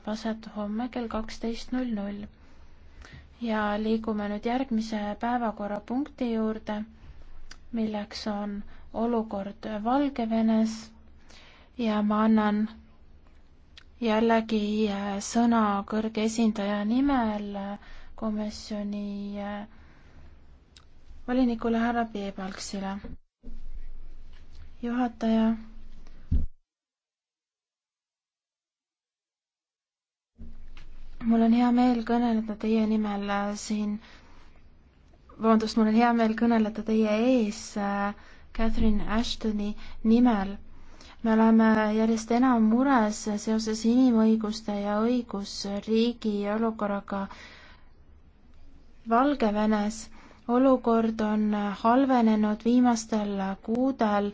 leiab aset homme kell kaksteist null null. ja liigume nüüd järgmise päevakorrapunkti juurde, milleks on olukord Valgevenes ja ma annan jällegi äh, sõna kõrge esindaja nimel äh, komisjoni äh, volinikule härra Peebalksile. juhataja mul on hea meel kõneleda teie nimel äh, siin, vabandust, mul on hea meel kõneleda teie ees äh, Catherine Ashtoni nimel. me oleme järjest enam mures seoses inimõiguste ja õigusriigi olukorraga Valgevenes. olukord on äh, halvenenud viimastel kuudel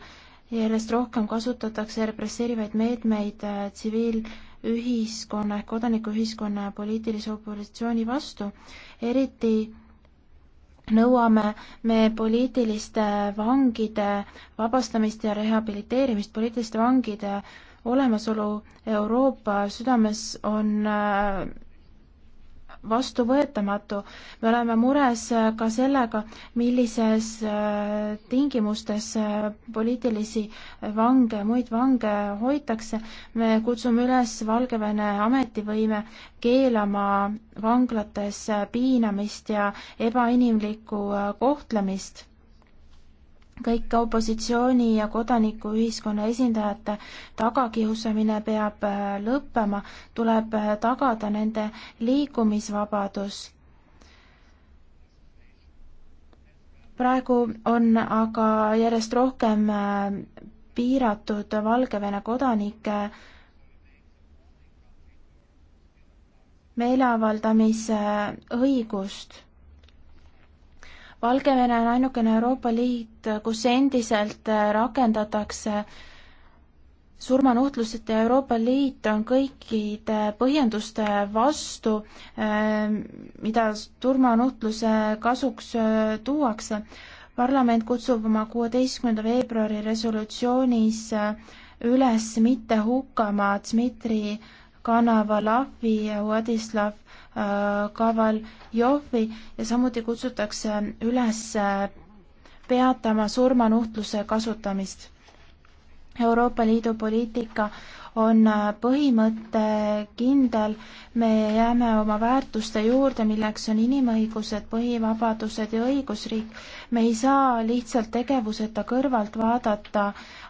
järjest rohkem kasutatakse represseerivaid meetmeid tsiviil- äh, ühiskonna ehk kodanikuühiskonna ja poliitilise opositsiooni vastu. eriti nõuame me poliitiliste vangide vabastamist ja rehabiliteerimist, poliitiliste vangide olemasolu Euroopa südames on äh, vastuvõetamatu. me oleme mures äh, ka sellega, millises äh, tingimustes äh, poliitilisi vange, muid vange hoitakse. me kutsume üles Valgevene ametivõime keelama vanglates piinamist ja ebainimlikku kohtlemist kõik opositsiooni ja kodanikuühiskonna esindajate tagakiusamine peab äh, lõppema, tuleb äh, tagada nende liikumisvabadus. praegu on aga järjest rohkem äh, piiratud Valgevene kodanike meeleavaldamise õigust Valgevene on ainukene Euroopa Liit, kus endiselt äh, rakendatakse surmanuhtlused ja Euroopa Liit on kõikide põhjenduste vastu, äh, mida surmanuhtluse kasuks äh, tuuakse. parlament kutsub oma kuueteistkümnenda veebruari resolutsioonis üles mitte hukkama Dmitri Kanava, Lavi ja Vladislav Äh, Kavaljovi ja samuti kutsutakse üles peatama surmanuhtluse kasutamist. Euroopa Liidu poliitika on põhimõte kindel, me jääme oma väärtuste juurde, milleks on inimõigused, põhivabadused ja õigusriik. me ei saa lihtsalt tegevuseta kõrvalt vaadata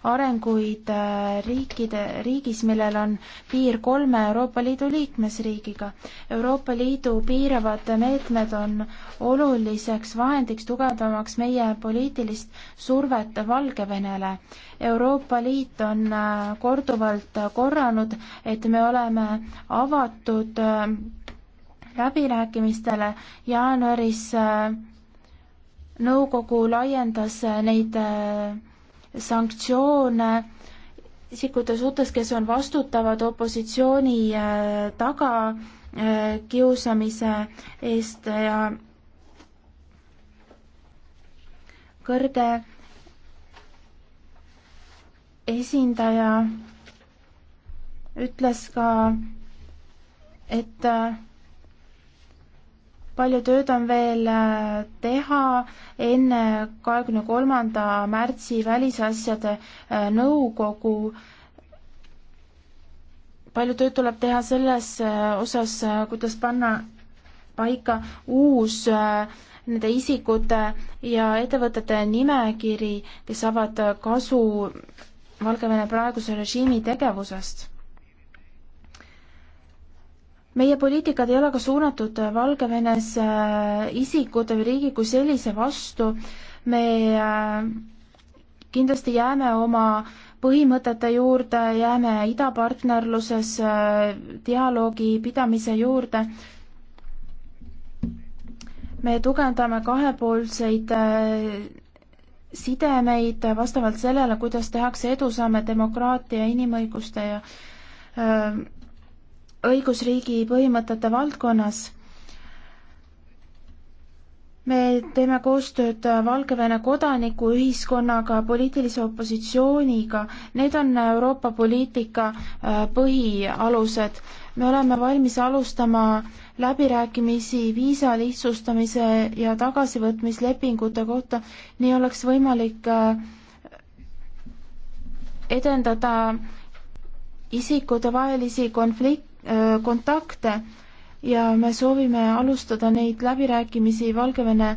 arenguid äh, riikide, riigis, millel on piir kolme Euroopa Liidu liikmesriigiga. Euroopa Liidu piiravad meetmed on oluliseks vahendiks tugevdamaks meie poliitilist survet Valgevenele. Euroopa Liit on äh, korduvalt korranud, et me oleme avatud äh, läbirääkimistele jaanuaris äh, nõukogu laiendas neid sanktsioone isikute suhtes, kes on vastutavad opositsiooni tagakiusamise eest ja kõrge esindaja ütles ka, et äh, palju tööd on veel äh, teha enne kahekümne kolmanda märtsi välisasjade äh, nõukogu. palju tööd tuleb teha selles osas, kuidas panna paika uus nende isikute ja ettevõtete nimekiri, kes saavad kasu Valgevene praeguse režiimi tegevusest. meie poliitikad ei ole ka suunatud Valgevenes äh, isikute või riigi kui sellise vastu. me äh, kindlasti jääme oma põhimõtete juurde, jääme idapartnerluses äh, dialoogi pidamise juurde. me tugevdame kahepoolseid sidemeid vastavalt sellele, kuidas tehakse edusamme demokraatia, inimõiguste ja öö, õigusriigi põhimõtete valdkonnas me teeme koostööd Valgevene kodanikuühiskonnaga, poliitilise opositsiooniga, need on Euroopa poliitika äh, põhialused. me oleme valmis alustama läbirääkimisi viisa lihtsustamise ja tagasivõtmislepingute kohta, nii oleks võimalik äh, edendada isikutevahelisi konflikt-, äh, kontakte ja me soovime alustada neid läbirääkimisi Valgevene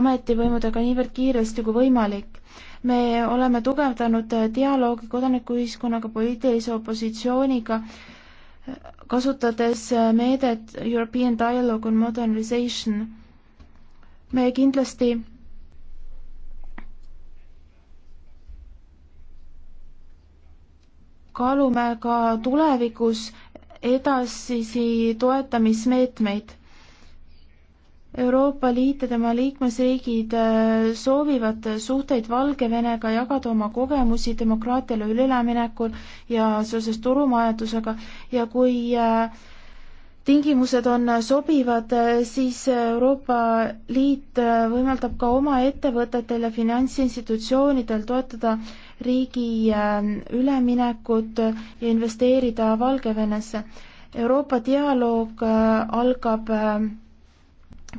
ametivõimudega niivõrd kiiresti kui võimalik. me oleme tugevdanud dialoogi kodanikuühiskonnaga, poliitilise opositsiooniga, kasutades meedet European Dialogue on Modernization. me kindlasti kaalume ka tulevikus edasisi toetamismeetmeid. Euroopa Liit ja tema liikmesriigid äh, soovivad suhteid Valgevenega, jagada oma kogemusi demokraatiale üleminekul ja seoses turumajandusega ja kui äh, tingimused on sobivad, äh, siis Euroopa Liit võimaldab ka oma ettevõtetel ja finantsinstitutsioonidel toetada äh, riigi ähm, üleminekut ja investeerida Valgevenesse. Euroopa dialoog äh, algab äh,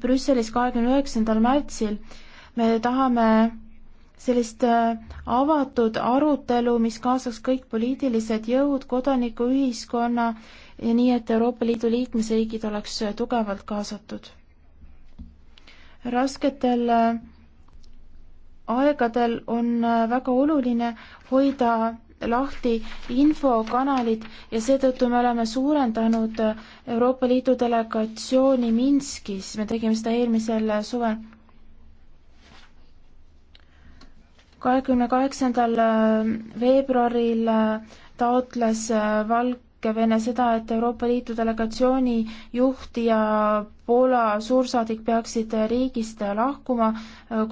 Brüsselis kahekümne üheksandal märtsil. me tahame sellist äh, avatud arutelu, mis kaasaks kõik poliitilised jõud, kodanikuühiskonna ja nii, et Euroopa Liidu liikmesriigid oleks tugevalt kaasatud. rasketel aegadel on äh, väga oluline hoida lahti infokanalid ja seetõttu me oleme suurendanud äh, Euroopa Liidu delegatsiooni Minskis, me tegime seda eelmisel äh, suvel. kahekümne kaheksandal veebruaril taotles Valgevene seda, et Euroopa Liidu delegatsiooni juht ja Poola suursaadik peaksid riigist lahkuma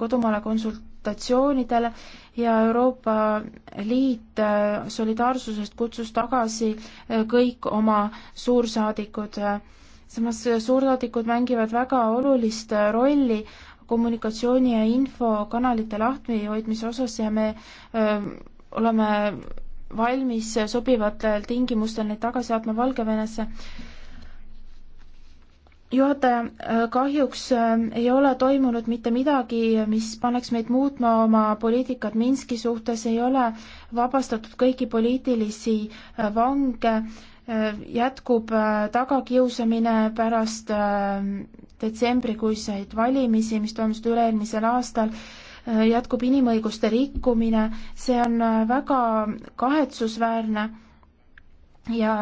kodumaale konsult-, konsultatsioonidele ja Euroopa Liit äh, solidaarsusest kutsus tagasi äh, kõik oma suursaadikud. Äh, samas suursaadikud mängivad väga olulist rolli kommunikatsiooni ja infokanalite lahtihoidmise osas ja me öö, oleme valmis sobivatel tingimustel neid tagasi saatma Valgevenesse juhataja, äh, kahjuks äh, ei ole toimunud mitte midagi, mis paneks meid muutma oma poliitikat Minski suhtes, ei ole vabastatud kõiki poliitilisi äh, vange, jätkub tagakiusamine pärast detsembrikuiseid valimisi, mis toimusid üle-eelmisel aastal, jätkub inimõiguste rikkumine, see on väga kahetsusväärne ja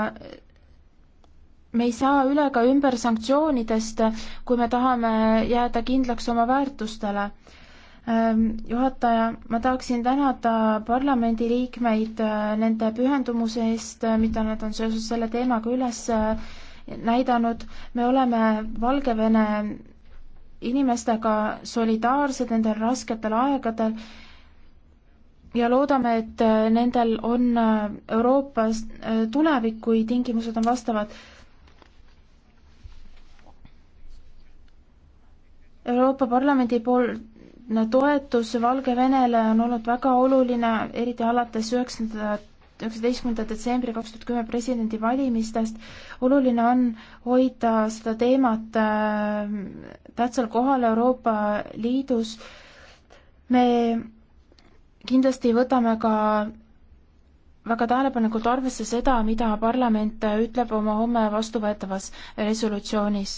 me ei saa üle ega ümber sanktsioonidest, kui me tahame jääda kindlaks oma väärtustele. Ähm, juhataja, ma tahaksin tänada parlamendiliikmeid äh, nende pühendumuse eest, äh, mida nad on seoses selle teemaga üles äh, näidanud. me oleme Valgevene inimestega solidaarsed nendel rasketel aegadel ja loodame, et nendel on Euroopas tulevik, kui tingimused on vastavad Euroopa Parlamendi poolne toetus Valgevenele on olnud väga oluline, eriti alates üheksanda, üheksateistkümnenda detsembri kaks tuhat kümme presidendivalimistest. oluline on hoida seda teemat äh, tähtsal kohal Euroopa Liidus. me kindlasti võtame ka väga tähelepanelikult arvesse seda, mida parlament ütleb oma homme vastuvõetavas resolutsioonis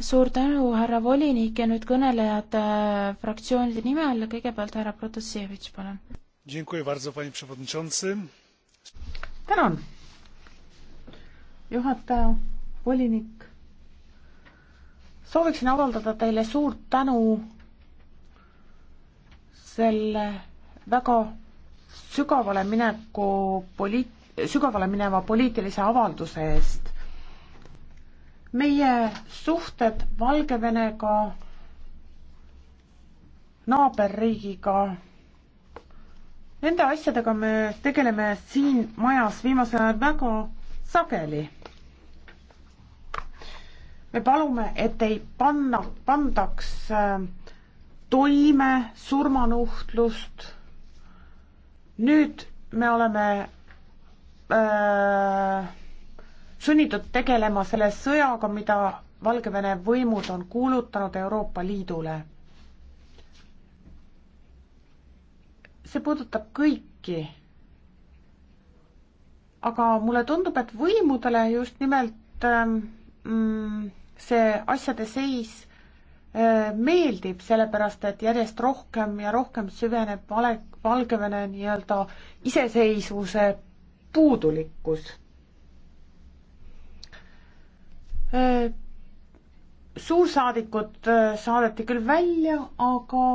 suur tänu, härra volinik ja nüüd kõnelejad äh, fraktsioonide nimel, kõigepealt härra Protasevitš, palun. tänan, juhataja, volinik. sooviksin avaldada teile suurt tänu selle väga sügavale mineku poliit-, sügavale mineva poliitilise avalduse eest meie suhted Valgevenega, naaberriigiga, nende asjadega me tegeleme siin majas viimasel ajal väga sageli. me palume, et ei panna, pandaks äh, toime surmanuhtlust. nüüd me oleme öö, äh, sunnitud tegelema selle sõjaga, mida Valgevene võimud on kuulutanud Euroopa Liidule. see puudutab kõiki. aga mulle tundub, et võimudele just nimelt ähm, mm, see asjade seis äh, meeldib, sellepärast et järjest rohkem ja rohkem süveneb vale, Valgevene nii-öelda iseseisvuse puudulikkus Äh, suursaadikud äh, saadeti küll välja, aga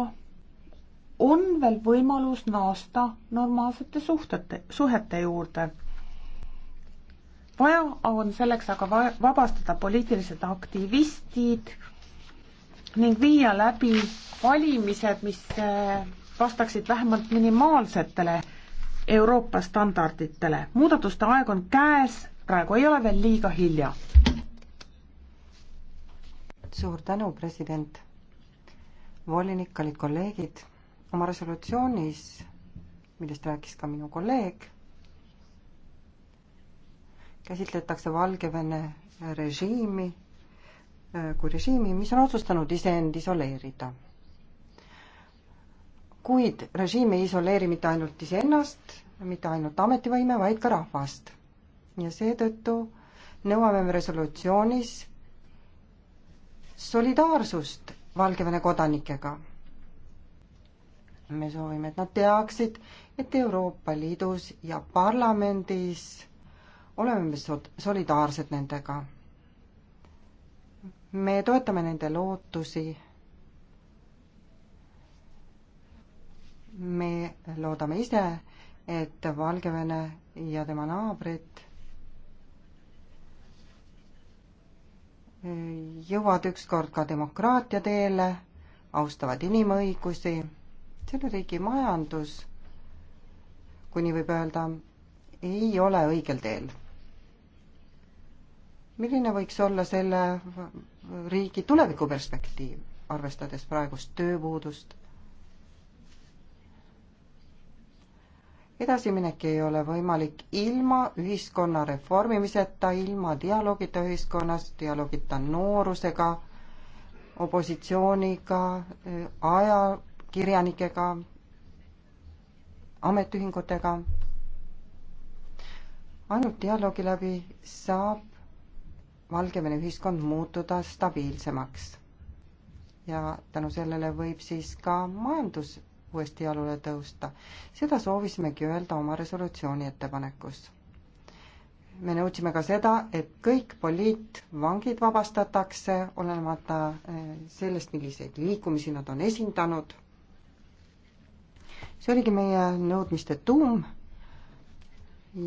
on veel võimalus naasta normaalsete suhtete, suhete juurde. vaja on selleks aga vabastada poliitilised aktivistid ning viia läbi valimised, mis äh, vastaksid vähemalt minimaalsetele Euroopa standarditele. muudatuste aeg on käes, praegu ei ole veel liiga hilja suur tänu, president. volinik, kallid kolleegid, oma resolutsioonis, millest rääkis ka minu kolleeg, käsitletakse Valgevene režiimi äh, kui režiimi, mis on otsustanud iseend isoleerida. kuid režiim ei isoleeri mitte ainult iseennast, mitte ainult ametivõime, vaid ka rahvast. ja seetõttu nõuame me resolutsioonis solidaarsust Valgevene kodanikega. me soovime, et nad teaksid, et Euroopa Liidus ja parlamendis oleme me solidaarsed nendega. me toetame nende lootusi. me loodame ise, et Valgevene ja tema naabrid jõuavad ükskord ka demokraatia teele, austavad inimõigusi, selle riigi majandus, kui nii võib öelda, ei ole õigel teel. milline võiks olla selle riigi tulevikuperspektiiv, arvestades praegust tööpuudust edasiminek ei ole võimalik ilma ühiskonna reformimiseta, ilma dialoogita ühiskonnas, dialoogita noorusega, opositsiooniga, ajakirjanikega, ametiühingutega. ainult dialoogi läbi saab Valgevene ühiskond muutuda stabiilsemaks. ja tänu sellele võib siis ka majandus uuesti jalule tõusta. seda soovisimegi öelda oma resolutsiooni ettepanekus. me nõudsime ka seda, et kõik poliitvangid vabastatakse, olenemata eh, sellest, milliseid liikumisi nad on esindanud. see oligi meie nõudmiste tuum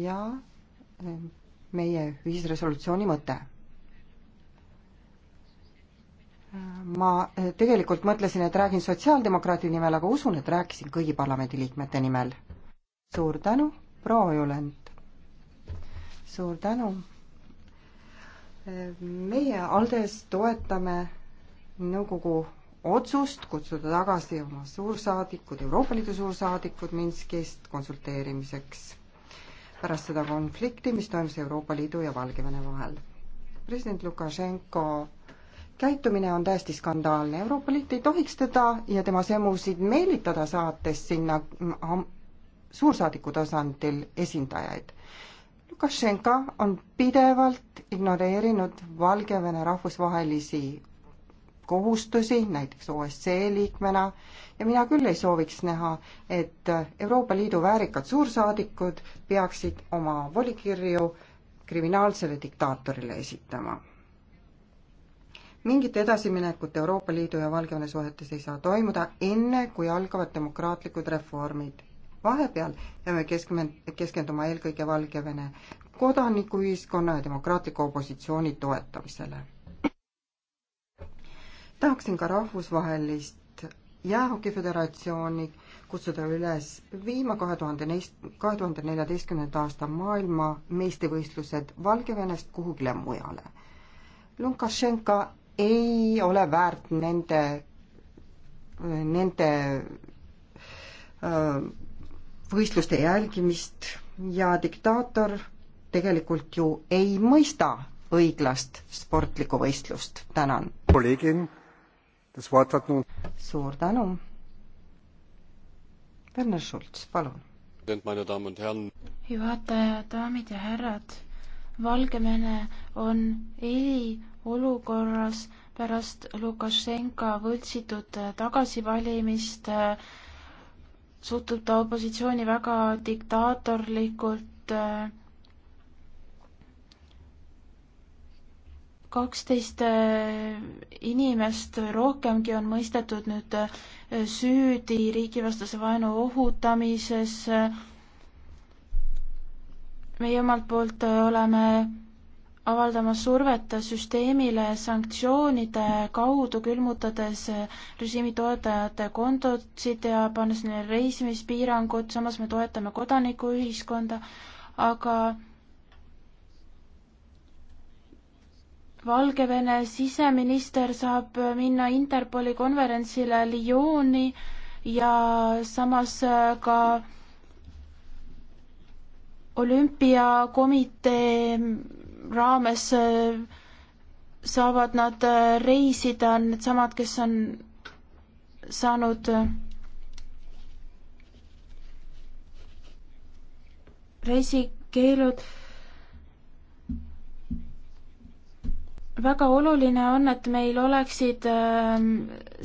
ja eh, meie ühisresolutsiooni mõte ma eh, tegelikult mõtlesin, et räägin sotsiaaldemokraadi nimel, aga usun, et rääkisin kõigi parlamendiliikmete nimel. suur tänu, proua Julend. suur tänu. Eh, meie Aldes toetame nõukogu otsust kutsuda tagasi oma suursaadikud, Euroopa Liidu suursaadikud Minskist konsulteerimiseks pärast seda konflikti, mis toimus Euroopa Liidu ja Valgevene vahel. president Lukašenko käitumine on täiesti skandaalne, Euroopa Liit ei tohiks teda ja tema semusid meelitada, saates sinna mm, suursaadiku tasandil esindajaid. Lukašenka on pidevalt ignoreerinud Valgevene rahvusvahelisi kohustusi, näiteks OSCE liikmena, ja mina küll ei sooviks näha, et Euroopa Liidu väärikad suursaadikud peaksid oma volikirju kriminaalsele diktaatorile esitama mingit edasiminekut Euroopa Liidu ja Valgevene suhetes ei saa toimuda enne, kui algavad demokraatlikud reformid. vahepeal peame keskmen-, keskenduma eelkõige Valgevene kodanikuühiskonna ja demokraatliku opositsiooni toetamisele. tahaksin ka rahvusvahelist jäähoki föderatsiooni kutsuda üles viima kahe tuhande neist, kahe tuhande neljateistkümnenda aasta maailma meistrivõistlused Valgevenest kuhugile mujale. Lukašenka ei ole väärt nende, nende võistluste jälgimist ja diktaator tegelikult ju ei mõista õiglast sportlikku võistlust. tänan. suur tänu. Werner Schulz, palun. juhataja, daamid ja härrad Valgevene on eriolukorras pärast Lukašenka võltsitud tagasivalimist äh, suhtub ta opositsiooni väga diktaatorlikult. Äh, kaksteist äh, inimest rohkemgi on mõistetud nüüd süüdi riigivastase vaenu ohutamises meie omalt poolt äh, oleme avaldamas survet süsteemile sanktsioonide kaudu, külmutades äh, režiimi toetajate kontosid ja pannes neile reisimispiirangud, samas me toetame kodanikuühiskonda, aga Valgevene siseminister saab minna Interpoli konverentsile Lyoni ja samas äh, ka olümpiakomitee raames äh, saavad nad äh, reisida, needsamad, kes on saanud äh, reisikeelud. väga oluline on, et meil oleksid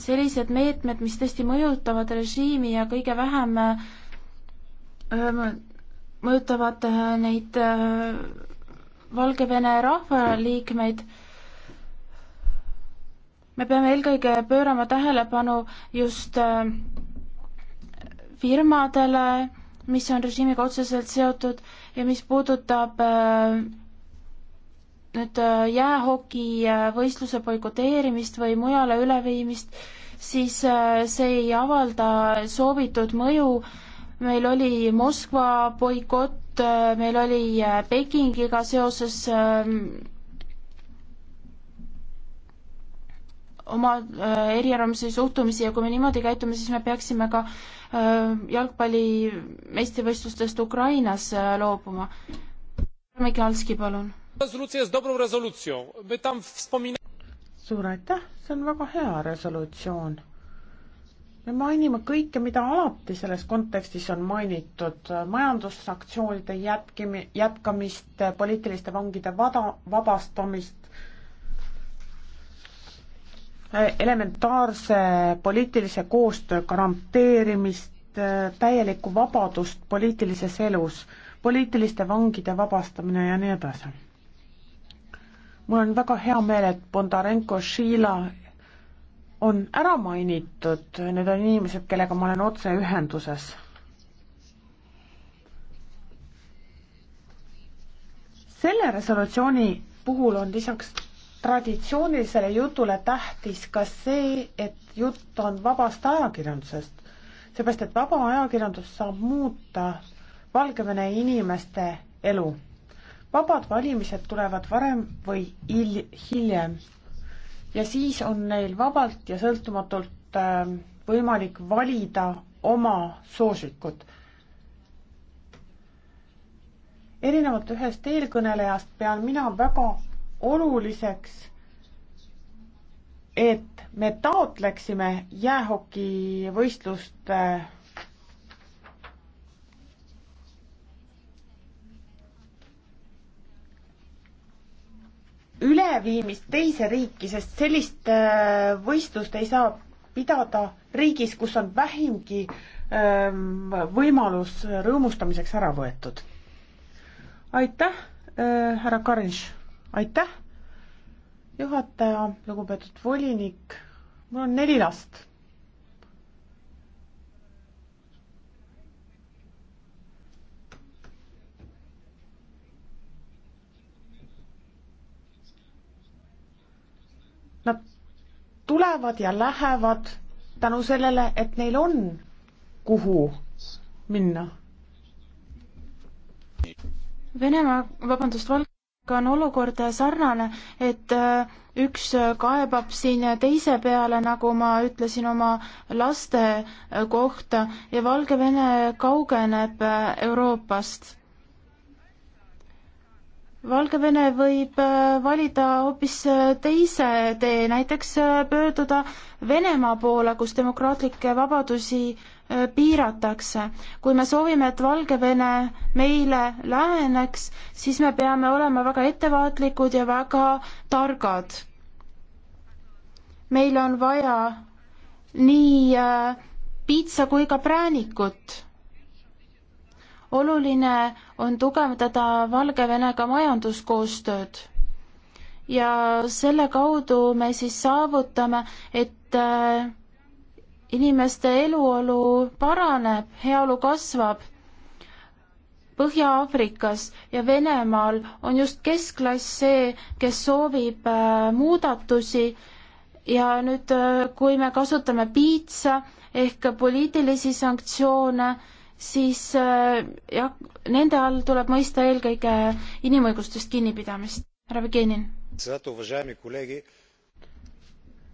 sellised meetmed, mis tõesti mõjutavad režiimi ja kõige vähem mõjutavad äh, neid äh, Valgevene rahvaliikmeid. me peame eelkõige pöörama tähelepanu just äh, firmadele, mis on režiimiga otseselt seotud ja mis puudutab nüüd jäähokivõistluse boikoteerimist või mujale üleviimist, siis see ei avalda soovitud mõju äh, meil oli Moskva boikott, meil oli äh, Pekingiga seoses ähm, oma äh, eriarvamusi, suhtumisi ja kui me niimoodi käitume, siis me peaksime ka äh, jalgpalli meistrivõistlustest Ukrainas loobuma. Mikalski, palun. suur aitäh, see on väga hea resolutsioon me mainime kõike, mida alati selles kontekstis on mainitud, majandussanktsioonide jätkimi-, jätkamist, poliitiliste vangide vada-, vabastamist, elementaarse poliitilise koostöö garanteerimist, täielikku vabadust poliitilises elus, poliitiliste vangide vabastamine ja nii edasi. mul on väga hea meel, et Bondarenko, Šila on ära mainitud, need on inimesed, kellega ma olen otseühenduses. selle resolutsiooni puhul on lisaks traditsioonilisele jutule tähtis ka see, et jutt on vabast ajakirjandusest, seepärast et vaba ajakirjandus saab muuta Valgevene inimeste elu. vabad valimised tulevad varem või il-, hiljem ja siis on neil vabalt ja sõltumatult ähm, võimalik valida oma soosikud. erinevalt ühest eelkõnelejast pean mina väga oluliseks, et me taotleksime jäähokivõistluste üleviimist teise riiki, sest sellist äh, võistlust ei saa pidada riigis, kus on vähimgi ähm, võimalus rõõmustamiseks ära võetud. aitäh, äh, härra Karinš, aitäh, juhataja, lugupeetud volinik, mul on neli last Nad tulevad ja lähevad tänu sellele, et neil on kuhu minna. Venemaa, vabandust, Valga on olukord sarnane, et äh, üks kaebab siin teise peale, nagu ma ütlesin oma laste äh, kohta ja Valgevene kaugeneb äh, Euroopast Valgevene võib äh, valida hoopis äh, teise tee, näiteks äh, pöörduda Venemaa poole, kus demokraatlikke vabadusi piiratakse. kui me soovime, et Valgevene meile läheneks, siis me peame olema väga ettevaatlikud ja väga targad. meil on vaja nii piitsa kui ka präänikut oluline on tugevdada Valgevenega majanduskoostööd. ja selle kaudu me siis saavutame, et äh, inimeste eluolu paraneb, heaolu kasvab. Põhja-Aafrikas ja Venemaal on just keskklass see, kes soovib äh, muudatusi ja nüüd, äh, kui me kasutame piitsa ehk poliitilisi sanktsioone, siis äh, jah, nende all tuleb mõista eelkõige inimõigustest kinnipidamist. härra Vigenin.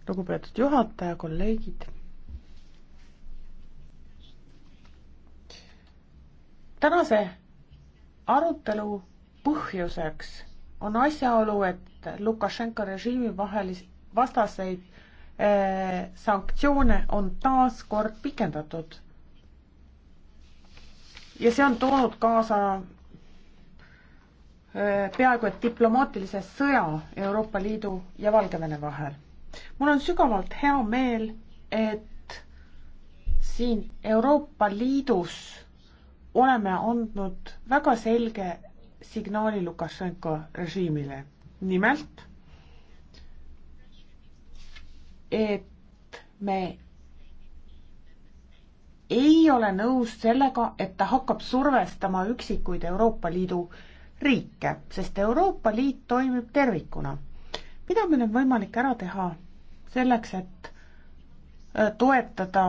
lugupeetud juhataja, kolleegid. tänase arutelu põhjuseks on asjaolu, et Lukašenka režiimi vahelis-, vastaseid äh, sanktsioone on taas kord pikendatud ja see on toonud kaasa äh, peaaegu et diplomaatilise sõja Euroopa Liidu ja Valgevene vahel. mul on sügavalt hea meel, et siin Euroopa Liidus oleme andnud väga selge signaali Lukašenko režiimile. nimelt, et me ei ole nõus sellega, et ta hakkab survestama üksikuid Euroopa Liidu riike, sest Euroopa Liit toimib tervikuna. mida meil on võimalik ära teha selleks, et äh, toetada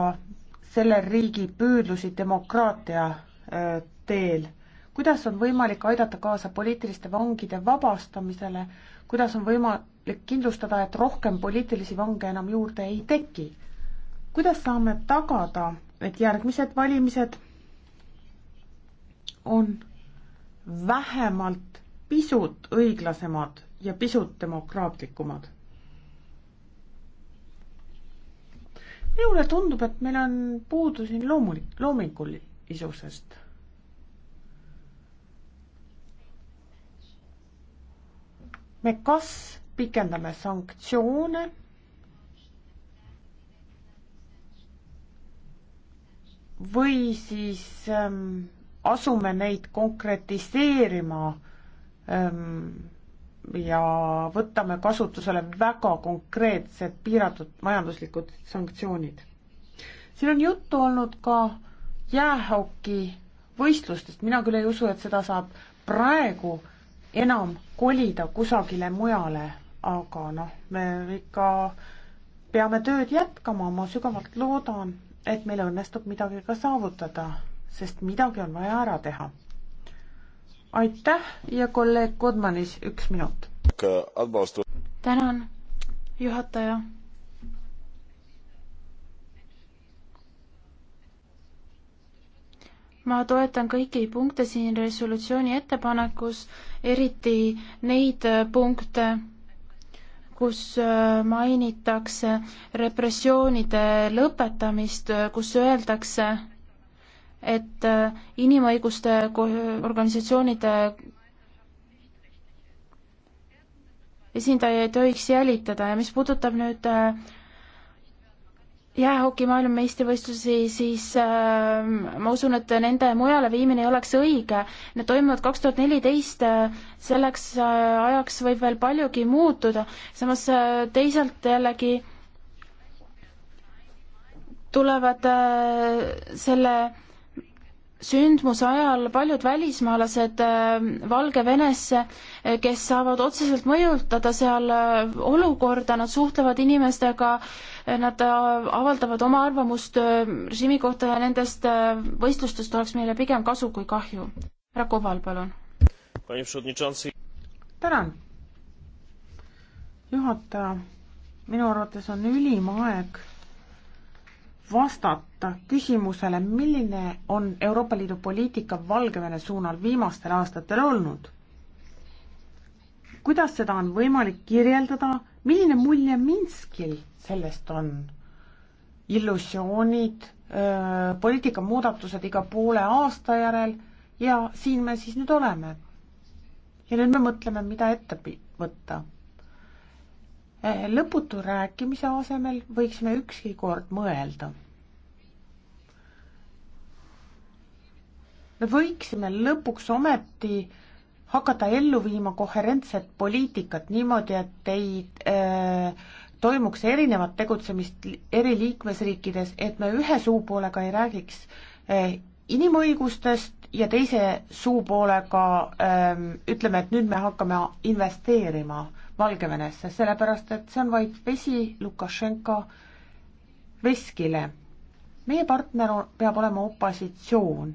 selle riigi püüdlusi demokraatia äh, teel? kuidas on võimalik aidata kaasa poliitiliste vangide vabastamisele, kuidas on võimalik kindlustada, et rohkem poliitilisi vange enam juurde ei teki? kuidas saame tagada et järgmised valimised on vähemalt pisut õiglasemad ja pisut demokraatlikumad. minule tundub, et meil on puudu siin loomulik, loomingulisusest. me kas pikendame sanktsioone või siis ähm, asume neid konkretiseerima ähm, ja võtame kasutusele väga konkreetsed piiratud majanduslikud sanktsioonid. siin on juttu olnud ka jäähoki võistlustest, mina küll ei usu, et seda saab praegu enam kolida kusagile mujale, aga noh, me ikka peame tööd jätkama, ma sügavalt loodan et meil õnnestub midagi ka saavutada, sest midagi on vaja ära teha. aitäh ja kolleeg Kodmanis üks minut. tänan, juhataja. ma toetan kõiki punkte siin resolutsiooni ettepanekus, eriti neid punkte, kus äh, mainitakse repressioonide lõpetamist, äh, kus öeldakse, et äh, inimõiguste organisatsioonide esindaja ei tohiks jälitada ja mis puudutab nüüd jäähoki maailmameistrivõistlusi, siis äh, ma usun, et nende mujale viimine ei oleks õige. Need toimuvad kaks tuhat neliteist, äh, selleks äh, ajaks võib veel paljugi muutuda, samas äh, teisalt jällegi tulevad äh, selle sündmuse ajal paljud välismaalased äh, Valgevenesse, äh, kes saavad otseselt mõjutada seal äh, olukorda, nad suhtlevad inimestega, nad avaldavad oma arvamust režiimi kohta ja nendest võistlustest oleks meile pigem kasu kui kahju. härra Koval, palun. tänan. juhataja, minu arvates on ülim aeg vastata küsimusele, milline on Euroopa Liidu poliitika Valgevene suunal viimastel aastatel olnud? kuidas seda on võimalik kirjeldada, milline mulje Minskil sellest on? illusioonid, poliitika muudatused iga poole aasta järel ja siin me siis nüüd oleme. ja nüüd me mõtleme, mida ette võtta Eh, lõputu rääkimise asemel võiksime ükski kord mõelda. me võiksime lõpuks ometi hakata ellu viima koherentset poliitikat niimoodi, et ei äh, toimuks erinevat tegutsemist eri liikmesriikides, et me ühe suupoolega ei räägiks äh, inimõigustest ja teise suupoolega äh, ütleme, et nüüd me hakkame investeerima Valgevenesse, sellepärast et see on vaid vesi Lukašenka veskile. meie partner peab olema opositsioon.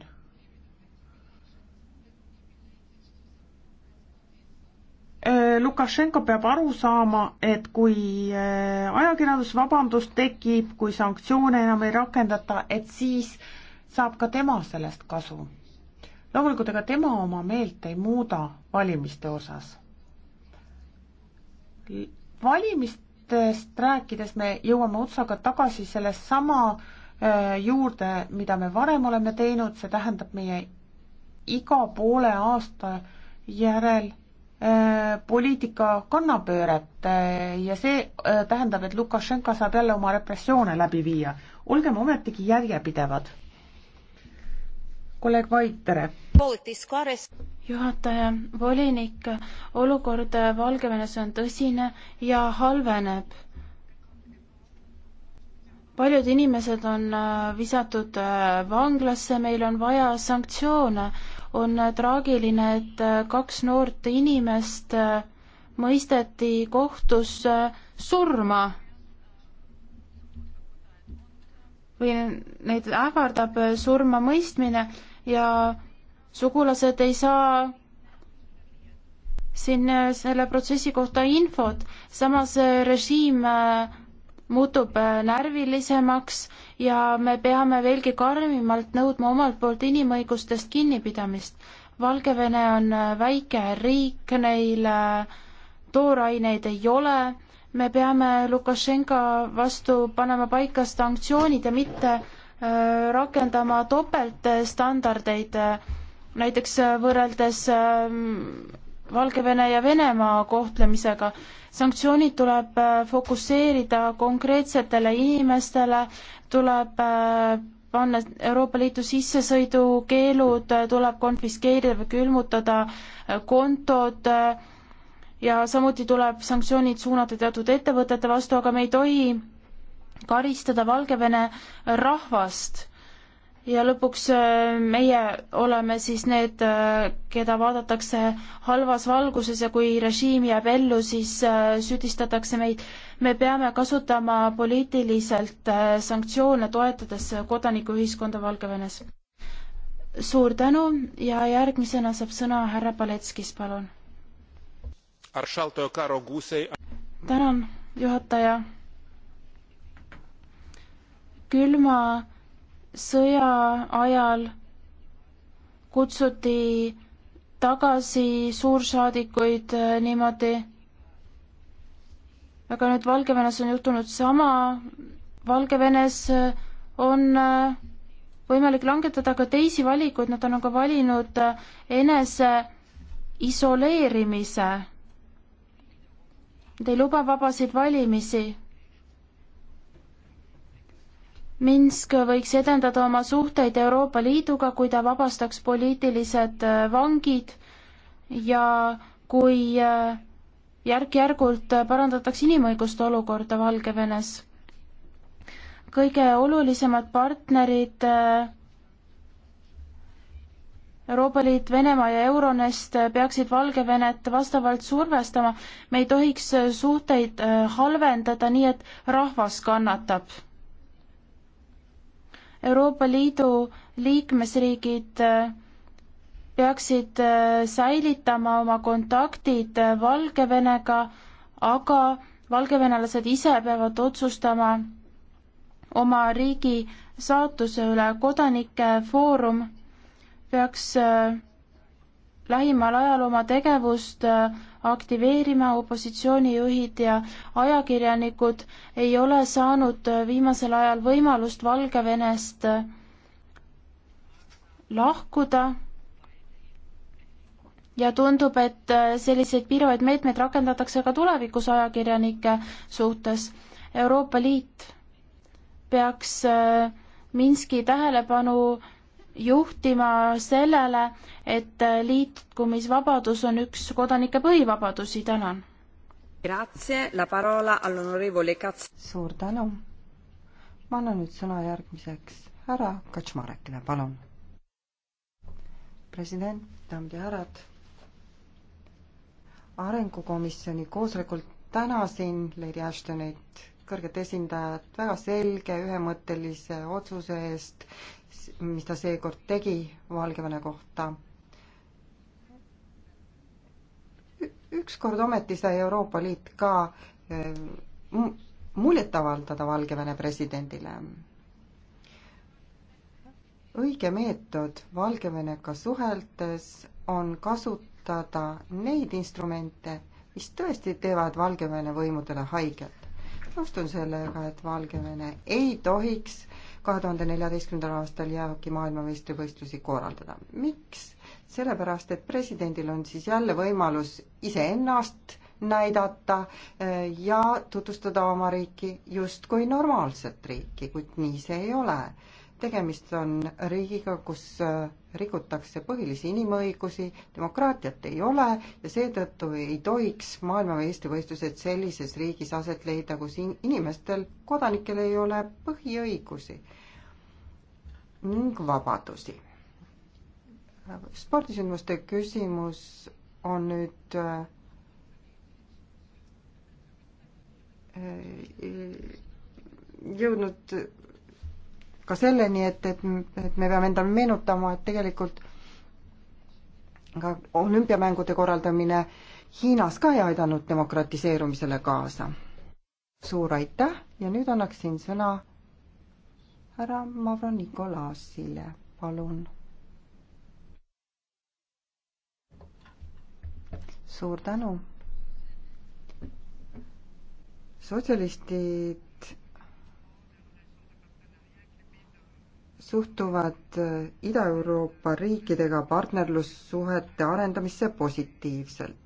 Äh, Lukašenko peab aru saama, et kui äh, ajakirjandusvabandus tekib, kui sanktsioone enam ei rakendata, et siis saab ka tema sellest kasu. loomulikult ega tema oma meelt ei muuda valimiste osas valimistest rääkides me jõuame otsaga tagasi sellesama äh, juurde, mida me varem oleme teinud, see tähendab meie iga poole aasta järel äh, poliitika kannapööret äh, ja see tähendab, et Lukašenka saab jälle oma repressioone läbi viia. olgem ometigi järjepidevad kolleeg Vaitere. juhataja, volinik, olukord Valgevenes on tõsine ja halveneb. paljud inimesed on äh, visatud äh, vanglasse, meil on vaja sanktsioone. on äh, traagiline, et kaks noort inimest mõisteti kohtus surma või neid ähvardab surmamõistmine ja sugulased ei saa siin äh, selle protsessi kohta infot, samas äh, režiim äh, muutub närvilisemaks ja me peame veelgi karmimalt nõudma omalt poolt inimõigustest kinnipidamist. Valgevene on väike riik, neil tooraineid ei ole, me peame Lukašenka vastu panema paika sanktsioonid ja mitte Äh, rakendama topeltstandardeid, äh, näiteks äh, võrreldes ähm, Valgevene ja Venemaa kohtlemisega. sanktsioonid tuleb fokusseerida konkreetsetele inimestele, tuleb panna Euroopa Liidu sissesõidukeelud, tuleb konfiskeerida või külmutada kontod ja samuti tuleb sanktsioonid suunata teatud ettevõtete vastu, aga me ei tohi karistada Valgevene rahvast ja lõpuks äh, meie oleme siis need, äh, keda vaadatakse halvas valguses ja kui režiim jääb ellu, siis äh, süüdistatakse meid. me peame kasutama poliitiliselt sanktsioone, toetades kodanikuühiskonda Valgevenes. suur tänu ja järgmisena saab sõna härra Paletskis, palun. tänan, juhataja külma sõja ajal kutsuti tagasi suursaadikuid äh, niimoodi. aga nüüd Valgevenes on juhtunud sama. Valgevenes äh, on äh, võimalik langetada ka teisi valikuid, nad on aga valinud enese isoleerimise. Nad ei luba vabasid valimisi Minsk võiks edendada oma suhteid Euroopa Liiduga, kui ta vabastaks poliitilised äh, vangid ja kui äh, järk-järgult äh, parandatakse inimõiguste olukorda Valgevenes. kõige olulisemad partnerid Euroopa Liit, Venemaa ja Euronest peaksid Valgevenet vastavalt survestama. me ei tohiks suhteid halvendada, nii et rahvas kannatab Euroopa Liidu liikmesriigid äh, peaksid äh, säilitama oma kontaktid äh, Valgevenega, aga valgevenelased ise peavad otsustama oma riigi saatuse üle. kodanike foorum peaks lähimal ajal oma tegevust äh, aktiveerima, opositsioonijuhid ja ajakirjanikud ei ole saanud äh, viimasel ajal võimalust Valgevenest äh, lahkuda ja tundub, et selliseid piiravaid meetmeid rakendatakse ka tulevikus ajakirjanike suhtes. Euroopa Liit peaks Minski tähelepanu juhtima sellele, et liikumisvabadus on üks kodanike põhivabadusi, tänan. suur tänu. ma annan nüüd sõna järgmiseks härra Kaczmarekile, palun. president, daamid ja härrad. arengukomisjoni koosolekult tänasin Lady Ashtonit kõrget esindajat väga selge ühemõttelise otsuse eest, mis ta seekord tegi Valgevene kohta. ükskord ometi sai Euroopa Liit ka eh, muljet avaldada Valgevene presidendile. õige meetod Valgevenega suheldes on kasutada neid instrumente, mis tõesti teevad Valgevene võimudele haiget nõustun sellega, et Valgevene ei tohiks kahe tuhande neljateistkümnendal aastal jäävaki maailmameistrivõistlusi korraldada. miks? sellepärast, et presidendil on siis jälle võimalus iseennast näidata eh, ja tutvustada oma riiki justkui normaalset riiki, kuid nii see ei ole tegemist on riigiga, kus äh, rikutakse põhilisi inimõigusi, demokraatiat ei ole ja seetõttu ei tohiks maailmameistrivõistlused sellises riigis aset leida, kus inimestel, kodanikel ei ole põhiõigusi ning vabadusi. spordisündmuste küsimus on nüüd äh, äh, jõudnud ka selleni, et, et, et me peame endale meenutama, et tegelikult ka olümpiamängude korraldamine Hiinas ka ei aidanud demokratiseerumisele kaasa. suur aitäh ja nüüd annaksin sõna härra Mavro Nikolasile, palun. suur tänu. sotsialistid suhtuvad äh, Ida-Euroopa riikidega partnerlussuhete arendamisse positiivselt.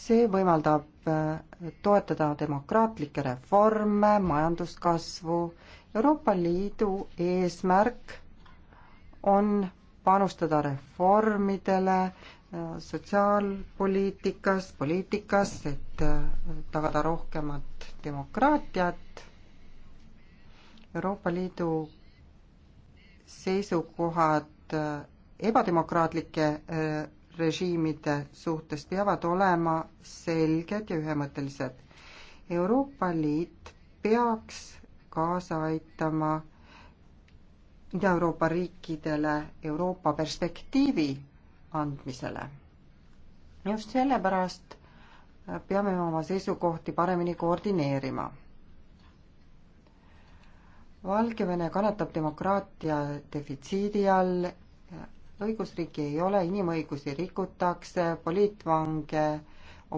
see võimaldab äh, toetada demokraatlikke reforme, majanduskasvu. Euroopa Liidu eesmärk on panustada reformidele äh, sotsiaalpoliitikas, poliitikas, et tagada rohkemat demokraatiat. Euroopa Liidu seisukohad äh, ebademokraatlike äh, režiimide suhtes peavad olema selged ja ühemõttelised. Euroopa Liit peaks kaasa aitama Ida-Euroopa riikidele Euroopa perspektiivi andmisele. just sellepärast äh, peame oma seisukohti paremini koordineerima Valgevene kannatab demokraatia defitsiidi all, õigusriiki ei ole, inimõigusi rikutakse, poliitvange,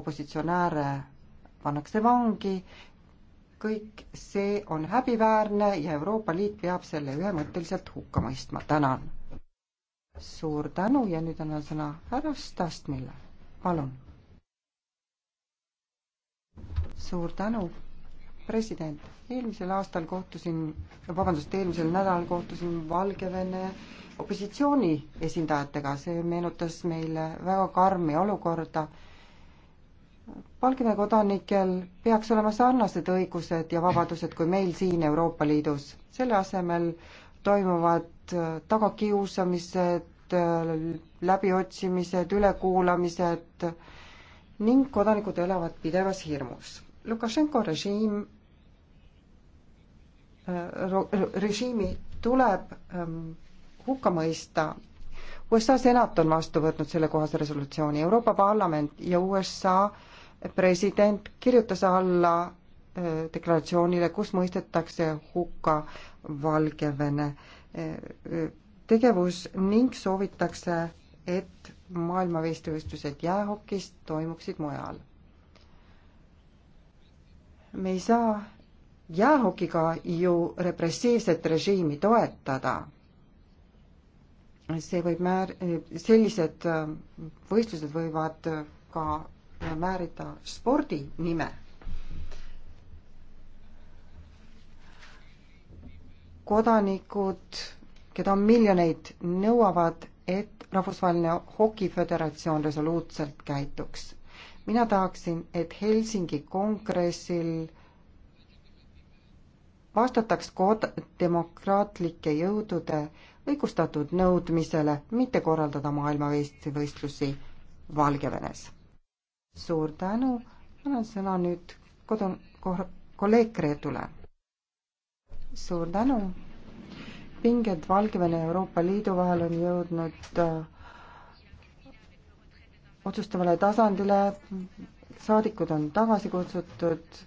opositsionääre pannakse vangi, kõik see on häbiväärne ja Euroopa Liit peab selle ühemõtteliselt hukka mõistma, tänan. suur tänu ja nüüd annan sõna härra Stastmile, palun. suur tänu president, eelmisel aastal kohtusin, vabandust, eelmisel nädalal kohtusin Valgevene opositsiooni esindajatega, see meenutas meile väga karmi olukorda. Valgevene kodanikel peaks olema sarnased õigused ja vabadused kui meil siin Euroopa Liidus. selle asemel toimuvad tagakiusamised, läbiotsimised, ülekuulamised ning kodanikud elavad pidevas hirmus Lukašenko režiim Äh, režiimi tuleb ähm, hukka mõista. USA senat on vastu võtnud sellekohase resolutsiooni, Euroopa Parlament ja USA president kirjutas alla äh, deklaratsioonile, kus mõistetakse hukka Valgevene äh, tegevus ning soovitakse, et maailma veistivõistlused jäähokis toimuksid mujal. me ei saa jäähokiga ju repressiivset režiimi toetada. see võib määr-, sellised äh, võistlused võivad äh, ka määrida spordi nime. kodanikud, keda on miljoneid, nõuavad, et Rahvusvaheline Hokiföderatsioon resoluutselt käituks. mina tahaksin, et Helsingi kongressil vastataks kood-, demokraatlike jõudude õigustatud nõudmisele mitte korraldada maailmavõistlusi Valgevenes. suur tänu, annan sõna nüüd kodu-, kolleeg Gretule. suur tänu. pinged Valgevene ja Euroopa Liidu vahel on jõudnud äh, otsustavale tasandile, saadikud on tagasi kutsutud,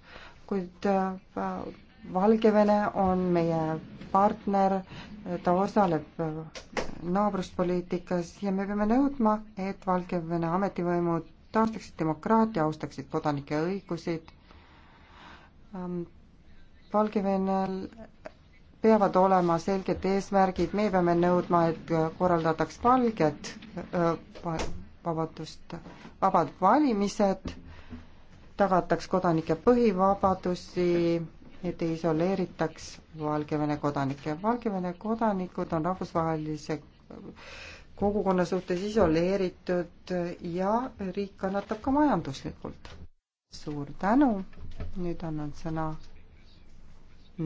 kuid äh, Valgevene on meie partner, ta osaleb äh, naabruspoliitikas ja me peame nõudma, et Valgevene ametivõimud taastaksid demokraatia, austaksid kodanike õigusid. Ähm, Valgevenel peavad olema selged eesmärgid, me peame nõudma, et äh, korraldataks valged, äh, vabandust, vabad valimised, tagataks kodanike põhivabadusi et ei isoleeritaks Valgevene kodanikke. Valgevene kodanikud on rahvusvahelise kogukonna suhtes isoleeritud ja riik kannatab ka majanduslikult. suur tänu, nüüd annan sõna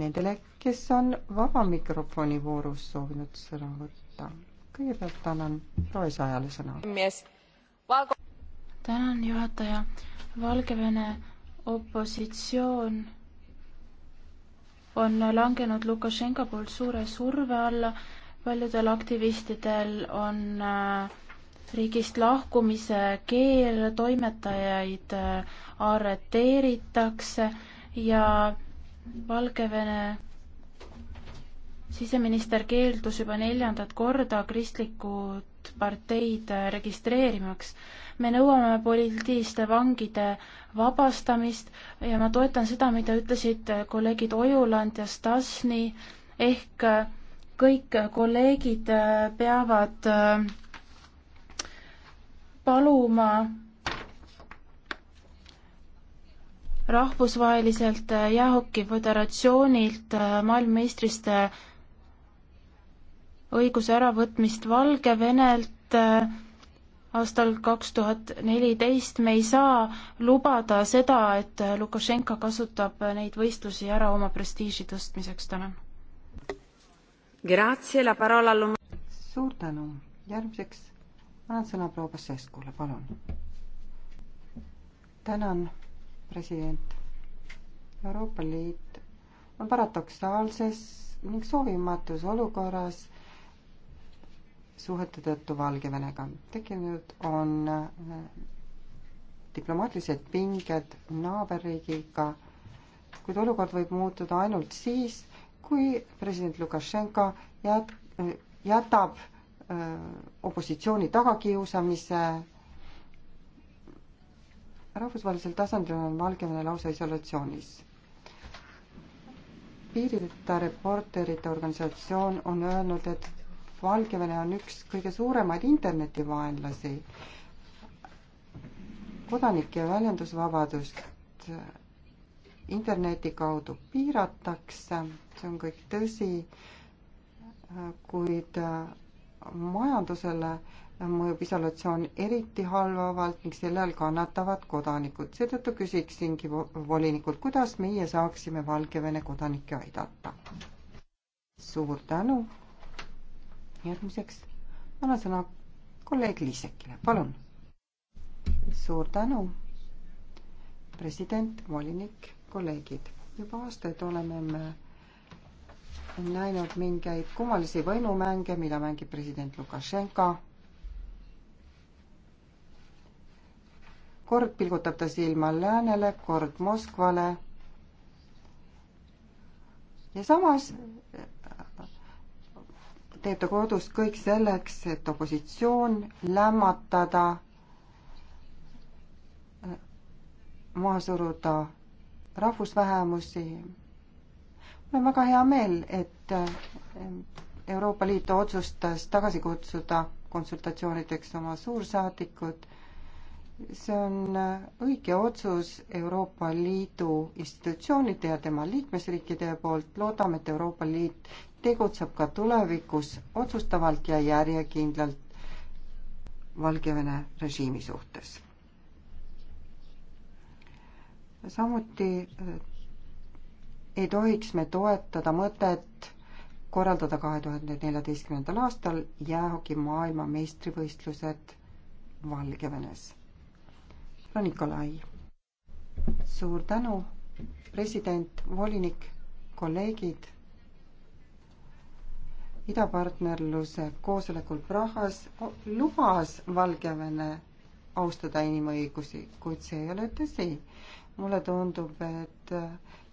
nendele, kes on vaba mikrofoni voorus soovinud sõna võtta. kõigepealt annan roesajale sõna. tänan, juhataja. Valgevene opositsioon on langenud Lukašenka poolt suure surve alla. paljudel aktivistidel on äh, riigist lahkumise keel, toimetajaid äh, arreteeritakse ja Valgevene siseminister keeldus juba neljandat korda kristlikud uut parteid registreerimaks. me nõuame poliitiliste vangide vabastamist ja ma toetan seda, mida ütlesid kolleegid Ojuland ja Stasni, ehk kõik kolleegid peavad äh, paluma rahvusvaheliselt jäähoki föderatsioonilt äh, maailmameistriste õiguse äravõtmist Valgevenelt äh, aastal kaks tuhat neliteist, me ei saa lubada seda, et Lukašenka kasutab neid võistlusi ära oma prestiiži tõstmiseks, tänan. suur tänu, järgmiseks annan sõna proua Paseskule, palun. tänan, president. Euroopa Liit on paradoksaalses ning soovimatus olukorras suhete tõttu Valgevenega. tekkinud on äh, diplomaatilised pinged naaberriigiga, kuid olukord võib muutuda ainult siis, kui president Lukašenka jät-, äh, jätab öö, äh, opositsiooni tagakiusamise. rahvusvahelisel tasandil on Valgevene lausa isolatsioonis. piirideta reporterite organisatsioon on öelnud, et Valgevene on üks kõige suuremaid internetivaenlasi. kodanike väljendusvabadust interneti kaudu piiratakse, see on kõik tõsi, kuid majandusele mõjub isolatsioon eriti halvavalt ning selle all kannatavad kodanikud. seetõttu küsiksingi volinikult, kuidas meie saaksime Valgevene kodanikke aidata? suur tänu järgmiseks annan sõna kolleeg Liisekile, palun. suur tänu, president, volinik, kolleegid. juba aastaid oleme me näinud mingeid kummalisi võimumänge, mida mängib president Lukašenka. kord pilgutab ta silma läänele, kord Moskvale. ja samas teeb ta kodus kõik selleks, et opositsioon lämmatada, maha suruda rahvusvähemusi. mul on väga hea meel, et Euroopa Liit otsustas tagasi kutsuda konsultatsioonideks oma suursaadikud. see on õige otsus Euroopa Liidu institutsioonide ja tema liikmesriikide poolt. loodame, et Euroopa Liit tegutseb ka tulevikus otsustavalt ja järjekindlalt Valgevene režiimi suhtes. samuti eh, ei tohiks me toetada mõtet korraldada kahe tuhande neljateistkümnendal aastal jäähoki maailmameistrivõistlused Valgevenes. no Nikolai, suur tänu, president, volinik, kolleegid idapartnerluse koosolekul Prahas lubas Valgevene austada inimõigusi, kuid see ei ole tõsi. mulle tundub, et äh,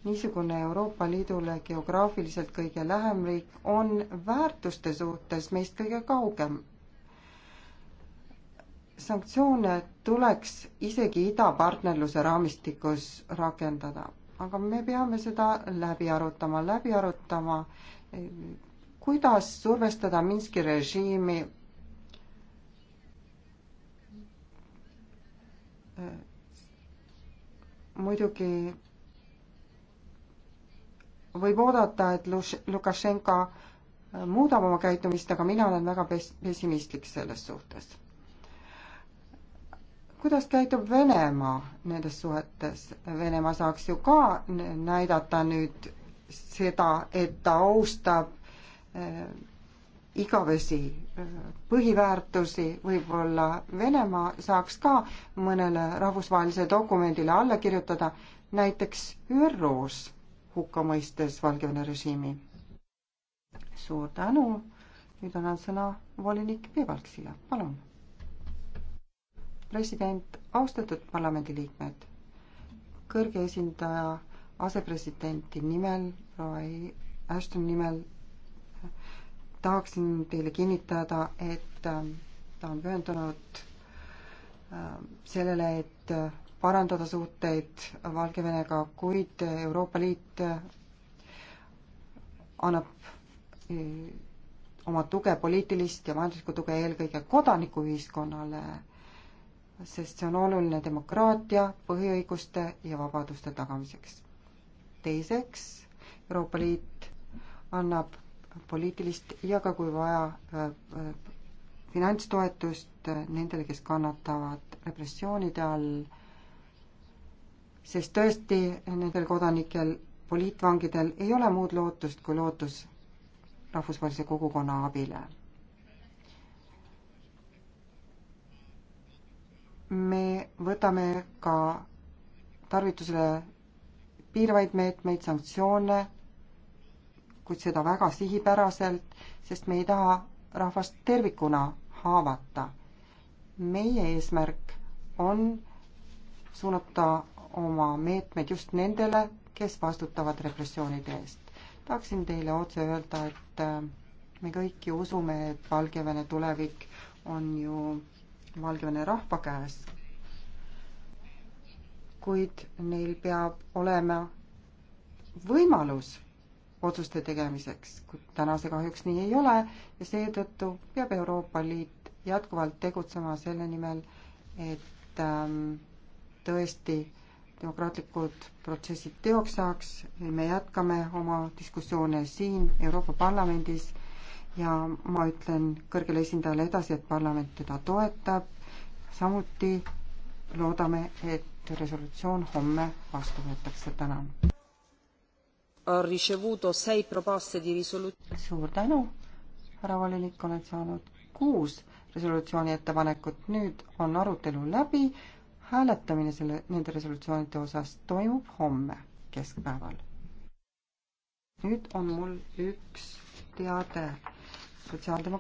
niisugune Euroopa Liidule geograafiliselt kõige lähem riik on väärtuste suhtes meist kõige kaugem. sanktsioone tuleks isegi idapartnerluse raamistikus rakendada, aga me peame seda läbi arutama, läbi arutama kuidas survestada Minski režiimi äh, muidugi võib oodata, et Lukašenka äh, muudab oma käitumist, aga mina olen väga pes-, pessimistlik selles suhtes. kuidas käitub Venemaa nendes suhetes? Venemaa saaks ju ka näidata nüüd seda, et ta austab Äh, igavesi äh, põhiväärtusi, võib-olla Venemaa saaks ka mõnele rahvusvahelisele dokumendile alla kirjutada, näiteks ÜRO-s hukka mõistes Valgevene režiimi. suur tänu, nüüd annan sõna volinik Pivalksile, palun. president, austatud parlamendiliikmed, kõrge esindaja asepresidenti nimel, proua Ashton nimel tahaksin teile kinnitada, et ähm, ta on pühendunud ähm, sellele, et parandada suhteid Valgevenega, kuid Euroopa Liit äh, annab äh, oma tuge, poliitilist ja majanduslikku tuge eelkõige kodanikuühiskonnale, sest see on oluline demokraatia, põhiõiguste ja vabaduste tagamiseks. teiseks, Euroopa Liit annab poliitilist ja ka kui vaja, äh, finantstoetust äh, nendele, kes kannatavad repressioonide all, sest tõesti nendel kodanikel, poliitvangidel ei ole muud lootust kui lootus rahvusvahelise kogukonna abile. me võtame ka tarvitusele piiravaid meetmeid, sanktsioone kuid seda väga sihipäraselt, sest me ei taha rahvast tervikuna haavata. meie eesmärk on suunata oma meetmed just nendele, kes vastutavad repressioonide eest. tahaksin teile otse öelda, et äh, me kõik ju usume, et Valgevene tulevik on ju Valgevene rahva käes. kuid neil peab olema võimalus otsuste tegemiseks. täna see kahjuks nii ei ole ja seetõttu peab Euroopa Liit jätkuvalt tegutsema selle nimel, et ähm, tõesti demokraatlikud protsessid teoks saaks. me jätkame oma diskussioone siin Euroopa Parlamendis ja ma ütlen kõrgele esindajale edasi, et parlament teda toetab. samuti loodame, et resolutsioon homme vastu võetakse. tänan ho ricevuto sei proposte di risoluzione. suur tänu, härra volinik, olen saanud kuus resolutsiooni ettepanekut, nüüd on arutelu läbi, hääletamine selle, nende resolutsioonide osas toimub homme keskpäeval. nüüd on mul üks teade sotsiaaldemokraatidele.